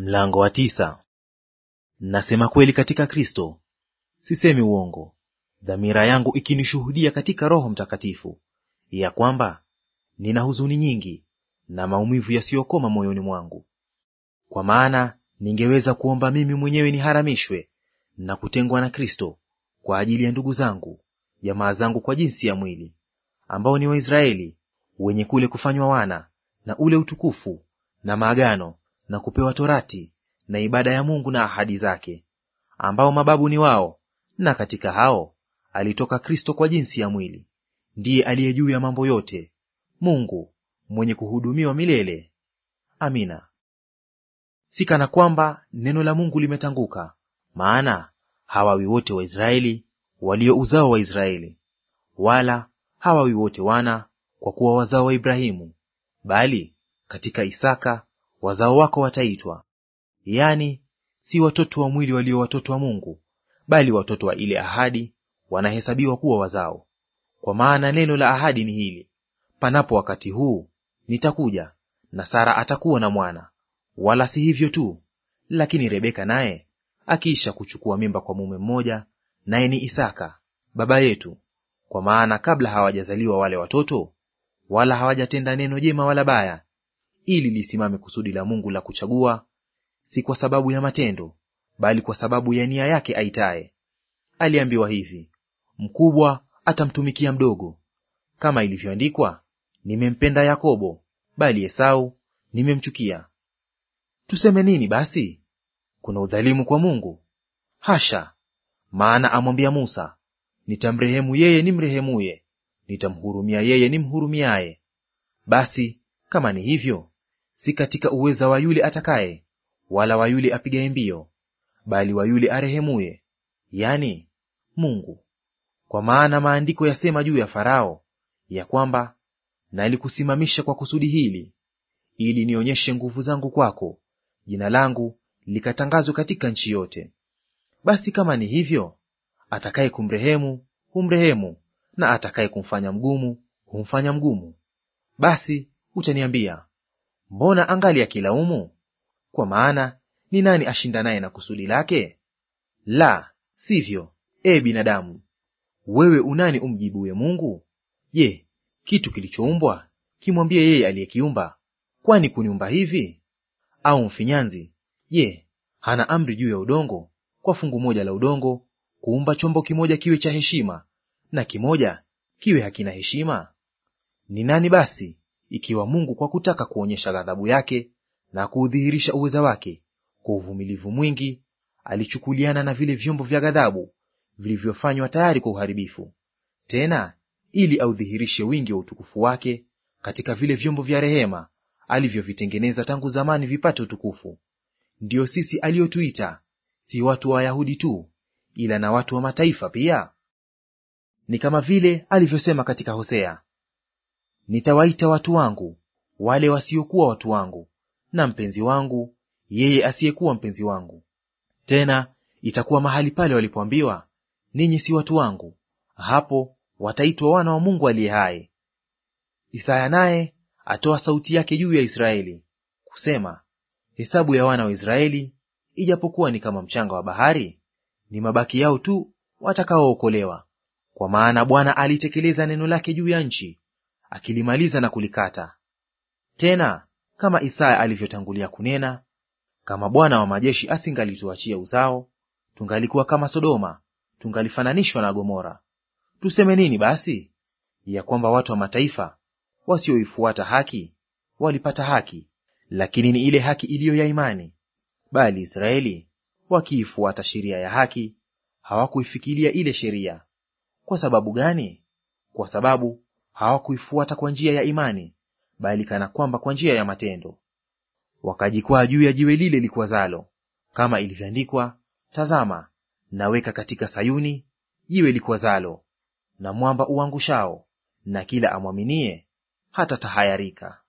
Mlango wa tisa. Nasema kweli katika Kristo, sisemi uongo, dhamira yangu ikinishuhudia katika Roho Mtakatifu ya kwamba nina huzuni nyingi na maumivu yasiyokoma moyoni mwangu. Kwa maana ningeweza kuomba mimi mwenyewe niharamishwe na kutengwa na Kristo kwa ajili ya ndugu zangu, jamaa zangu kwa jinsi ya mwili, ambao ni Waisraeli wenye kule kufanywa wana na ule utukufu na maagano na kupewa torati na ibada ya Mungu na ahadi zake, ambao mababu ni wao, na katika hao alitoka Kristo kwa jinsi ya mwili, ndiye aliye juu ya mambo yote, Mungu mwenye kuhudumiwa milele. Amina. Si kana kwamba neno la Mungu limetanguka, maana hawawi wote Waisraeli walio uzao wa Israeli, wala hawawi wote wana, kwa kuwa wazao wa Ibrahimu, bali katika Isaka wazao wako wataitwa, yaani si watoto wa mwili walio watoto wa Mungu, bali watoto wa ile ahadi wanahesabiwa kuwa wazao. Kwa maana neno la ahadi ni hili, panapo wakati huu nitakuja, na Sara atakuwa na mwana. Wala si hivyo tu, lakini Rebeka naye akiisha kuchukua mimba kwa mume mmoja, naye ni Isaka baba yetu. Kwa maana kabla hawajazaliwa wale watoto, wala hawajatenda neno jema wala baya, ili lisimame kusudi la Mungu la kuchagua, si kwa sababu ya matendo, bali kwa sababu ya nia yake aitaye. Aliambiwa hivi, mkubwa atamtumikia mdogo. Kama ilivyoandikwa, nimempenda Yakobo, bali Esau nimemchukia. Tuseme nini basi? Kuna udhalimu kwa Mungu? Hasha! Maana amwambia Musa, nitamrehemu yeye nimrehemuye, nitamhurumia yeye nimhurumiaye. Basi kama ni hivyo, si katika uweza wa yule atakaye, wala wa yule apigaye mbio, bali wa yule arehemuye, yani Mungu. Kwa maana maandiko yasema juu ya Farao ya kwamba, nalikusimamisha kwa kusudi hili, ili nionyeshe nguvu zangu kwako, jina langu likatangazwe katika nchi yote. Basi kama ni hivyo, atakaye kumrehemu humrehemu, na atakaye kumfanya mgumu humfanya mgumu. Basi utaniambia Mbona angali akilaumu? Kwa maana ni nani ashindanaye na kusudi lake? La sivyo, e binadamu, wewe unani umjibuye Mungu? Je, kitu kilichoumbwa kimwambie yeye aliyekiumba, kwani kuniumba hivi? Au mfinyanzi, je, hana amri juu ya udongo, kwa fungu moja la udongo kuumba chombo kimoja kiwe cha heshima na kimoja kiwe hakina heshima? Ni nani basi ikiwa Mungu kwa kutaka kuonyesha ghadhabu yake na kuudhihirisha uweza wake kwa uvumilivu mwingi alichukuliana na vile vyombo vya ghadhabu vilivyofanywa tayari kwa uharibifu, tena ili audhihirishe wingi wa utukufu wake katika vile vyombo vya rehema alivyovitengeneza tangu zamani vipate utukufu. Ndiyo sisi aliyotuita, si watu wa Wayahudi tu, ila na watu wa mataifa pia, ni kama vile alivyosema katika Hosea, Nitawaita watu wangu, wale wasiokuwa watu wangu, na mpenzi wangu, yeye asiyekuwa mpenzi wangu. Tena itakuwa mahali pale walipoambiwa, ninyi si watu wangu, hapo wataitwa wana wa Mungu aliye hai. Isaya naye atoa sauti yake juu ya Israeli kusema, hesabu ya wana wa Israeli ijapokuwa ni kama mchanga wa bahari, ni mabaki yao tu watakaookolewa. Kwa maana Bwana alitekeleza neno lake juu ya nchi, akilimaliza na kulikata. Tena kama Isaya alivyotangulia kunena, kama Bwana wa majeshi asingalituachia uzao, tungalikuwa kama Sodoma, tungalifananishwa na Gomora. Tuseme nini basi? Ya kwamba watu wa mataifa wasioifuata haki walipata haki, lakini ni ile haki iliyo ya imani. Bali Israeli wakiifuata sheria ya haki, hawakuifikilia ile sheria. Kwa sababu gani? Kwa sababu hawakuifuata kwa njia ya imani, bali kana kwamba kwa njia ya matendo. Wakajikwaa juu ya jiwe lile likwazalo, kama ilivyoandikwa, Tazama, naweka katika Sayuni jiwe likwazalo, na mwamba uangushao, na kila amwaminie hata tahayarika.